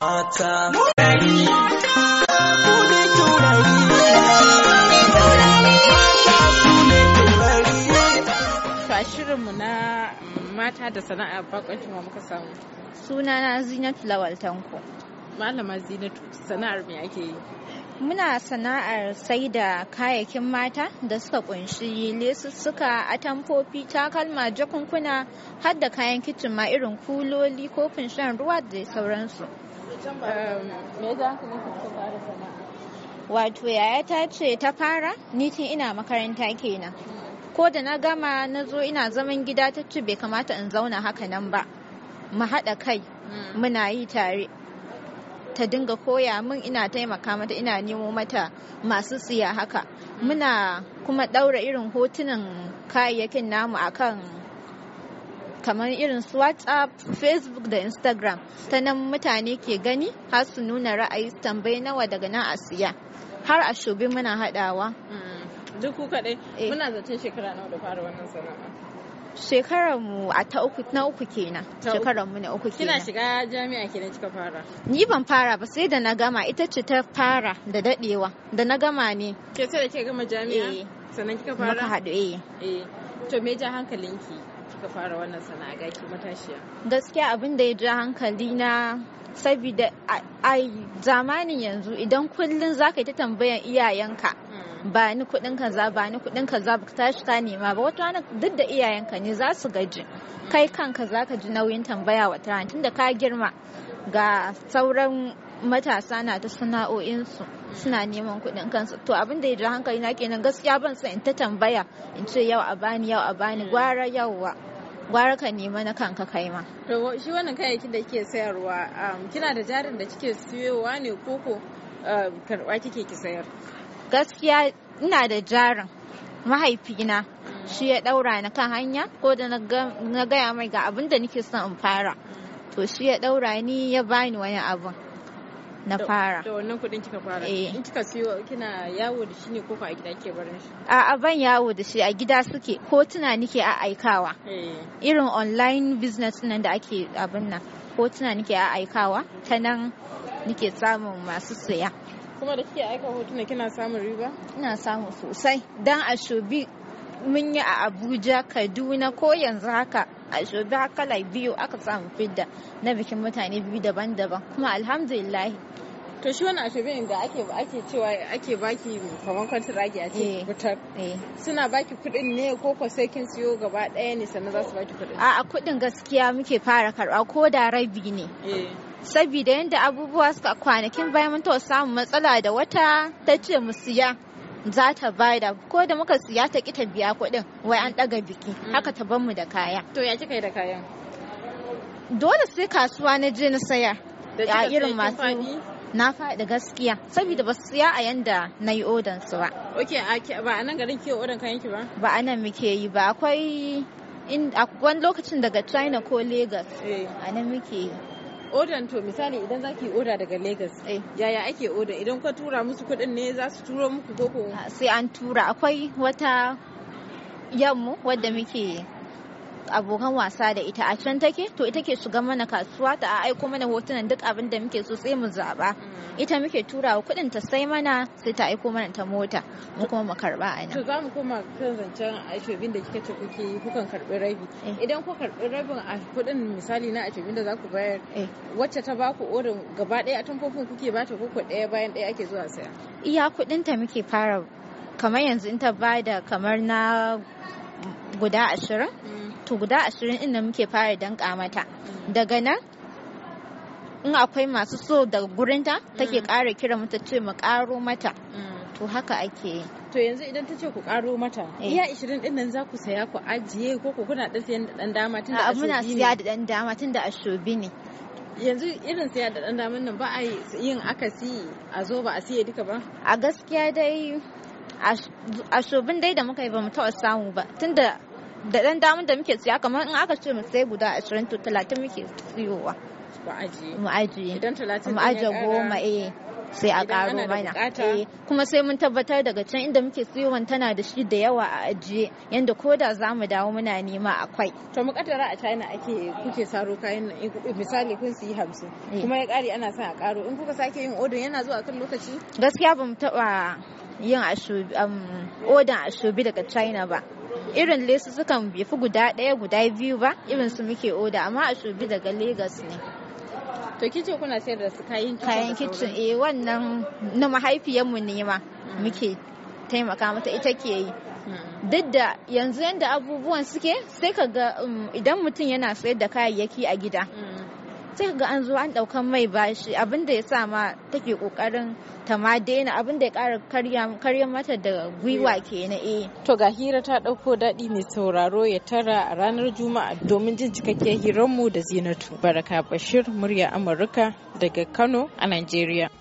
mata. shirinmu na mata da sana'a bakwancin wa muka samu. Suna na Zinatu Lawal Tanko. Malama Zinatu sana'ar me ake yi? Muna sana'ar sai da kayayyakin mata da suka kunshi lesussuka, atamfofi, takalma, jakunkuna, har da kayan kicin ma irin kuloli, kofin shan ruwa da sauransu. Ehm, wato yaya ta ce ta fara ni ina makaranta kenan ko da na gama na zo ina zaman gida ta ce bai kamata in zauna haka nan ba mu haɗa kai hmm. muna yi tare ta dinga koya min ina taimaka mata ina nemo mata masu siya haka hmm. muna kuma ɗaura irin hotunan kayayyakin namu akan kamar irin su whatsapp facebook da instagram ta nan mutane ke gani har su nuna ra'ayi tambayi nawa daga nan a siya har a shobe muna haɗawa mm. duk ku kaɗai eh. muna zaton shekara nawa da fara wannan sana'a shekarar mu a ta uku na uku kenan shekarar mu na uku kenan kina shiga jami'a kenan kika fara ni ban fara ba sai da na gama ita ce ta fara da dadewa da na gama ne ke sai da ke gama jami'a eh. sannan kika fara muka haɗu eh eh to me ja hankalinki kika fara wannan sana'a ki matashiya gaskiya abin da ya ja hankali na saboda ai zamanin yanzu idan kullun zaka yi ta tambayan iyayenka hmm. ba ni kuɗin kaza ba ni kuɗin kaza ba tashi ka nema ba wata wani duk da iyayenka ne za su gaji hmm. kai kanka za ka ji nauyin tambaya wata rana tunda ka girma ga sauran matasa na ta sana'o'insu suna hmm. neman kuɗin kansu to abin da ya ji hankali na kenan gaskiya ban sa in ta tambaya in ce yau a bani yau a bani gwara yauwa gwara ka nema na kanka kai ma to shi wannan kayayyakin da kike sayarwa um, kina da jarin da kike siyowa ne ko ko um, karɓa kike ki sayar gaskiya ina da jarin mahaifina mm. shi ya daura na kan hanya ko da na gaya mai ga abin da nake son in fara to shi ya daura ni ya bani wani abin na fara da wannan kuɗin kika fara eh. in kika siyo kina yawo da shi ne ko a gida ke barin shi a ban yawo da shi a gida suke ko tuna nike a aikawa eh. irin online business nan da ake abin nan ko tuna nike a aikawa ta nan nike samun masu saya kuma da kike aika hotuna kina samun riba ina samu sosai dan a shobi mun yi a abuja kaduna ko yanzu haka a shobi har kala biyu aka samu fidda na bikin mutane biyu daban-daban kuma alhamdulillah to shi wani ashobin da ake ake cewa ake baki kamar kwantiragi a ce eh, fitar eh. suna baki kuɗin ne ko ko sai kin siyo gaba ɗaya ne sannan za su baki kuɗin a kuɗin gaskiya muke fara karɓa ko da rabi ne eh. saboda yadda abubuwa suka kwanakin bayan mun samun matsala da wata ta ce mu siya za ta bada ko da muka siya ta ki ta biya kuɗin wai an ɗaga biki mm. haka ta bar mu da kaya to ya kika yi da kayan dole sai kasuwa na je na saya a irin masu na faɗi gaskiya saboda ba su siya a yanda na yi odan su ba. Ok, ba a nan garin ke odan kayan ki ba? Ba a nan muke yi ba akwai wani lokacin daga China ko Lagos eh. a nan muke yi. odan to misali idan zaki oda daga Lagos eh. yaya ake oda idan ka tura musu kudin ne za su turo muku koko sai an tura akwai wata yammu wadda muke abokan wasa da ita a can take to ita ke shiga mana kasuwa ta aiko mana hotunan duk abin da muke so sai mu zaba mm. ita muke turawa kuɗin ta sai mana sai ta aiko mana ta mota mu kuma mu karba a nan to za mu koma kan zancen ashobin da kika ce kuke yi kukan karbi rabi eh. idan ku karbi rabin a kudin misali na ashobin da za ku bayar eh. wacce ta baku orin gaba ɗaya a tamfofin kuke ba ta kuku ɗaya bayan ɗaya ake zuwa saya iya kudin ta muke fara kamar yanzu in ta bada kamar na guda ashirin mm. wato guda ashirin inda muke fara danka mata daga nan in akwai masu so da gurinta take mm. ƙara kira mata ce mu ƙaro mata mm. to haka ake yi to yanzu idan ta ce ku ƙaro mata eh. iya ishirin din nan za ku saya ku ajiye ko ku kuna dan siyan da dan dama tun da ashobi ne muna siya da dan dama tun da ashobi ne yanzu irin siya da dan dama nan ba a yin akasi a zo ba a siye duka ba a gaskiya dai ashobin dai da muka yi ba mu taɓa samu ba tunda da dan damun da muke siya kamar in aka ce mu sai guda 20 to 30 muke siyowa mu ajiye idan 30 mu ajiye goma eh sai a karo mana eh, kuma sai mun tabbatar daga can inda muke siyowan tana da shi da yawa a ajiye yanda ko da za mu dawo muna nema akwai to mu kaddara a China ake kuke saro kayan misali kun siyi hamsin eh. kuma ya kare ana son a karo in kuka sake yin order yana zuwa kan lokaci gaskiya ba mu taba yin a um, ashobi daga China ba irin lesukan bai fi guda ɗaya guda biyu ba irin su muke oda amma a shubi daga Legas ne to kicin kuna sayar da su kayan kicin kayan kicin eh wannan na mahaifiyarmu ne ma hmm. muke taimaka mata ita ke yi hmm. duk da yanzu yadda abubuwan suke sai ka ga um, idan mutum yana sayar da kayayyaki a gida hmm. sai ga an zo an ɗaukan mai bashi abin da ya sa ma take kokarin ta ma daina abin da ya kara karya mata da gwiwa ke na e eh. To ga hira ta ɗauko daɗi mai sauraro ya tara a ranar Juma'a domin jin cikakke hirarmu da Zinatu. Baraka Bashir murya Amurka daga Kano a nigeria.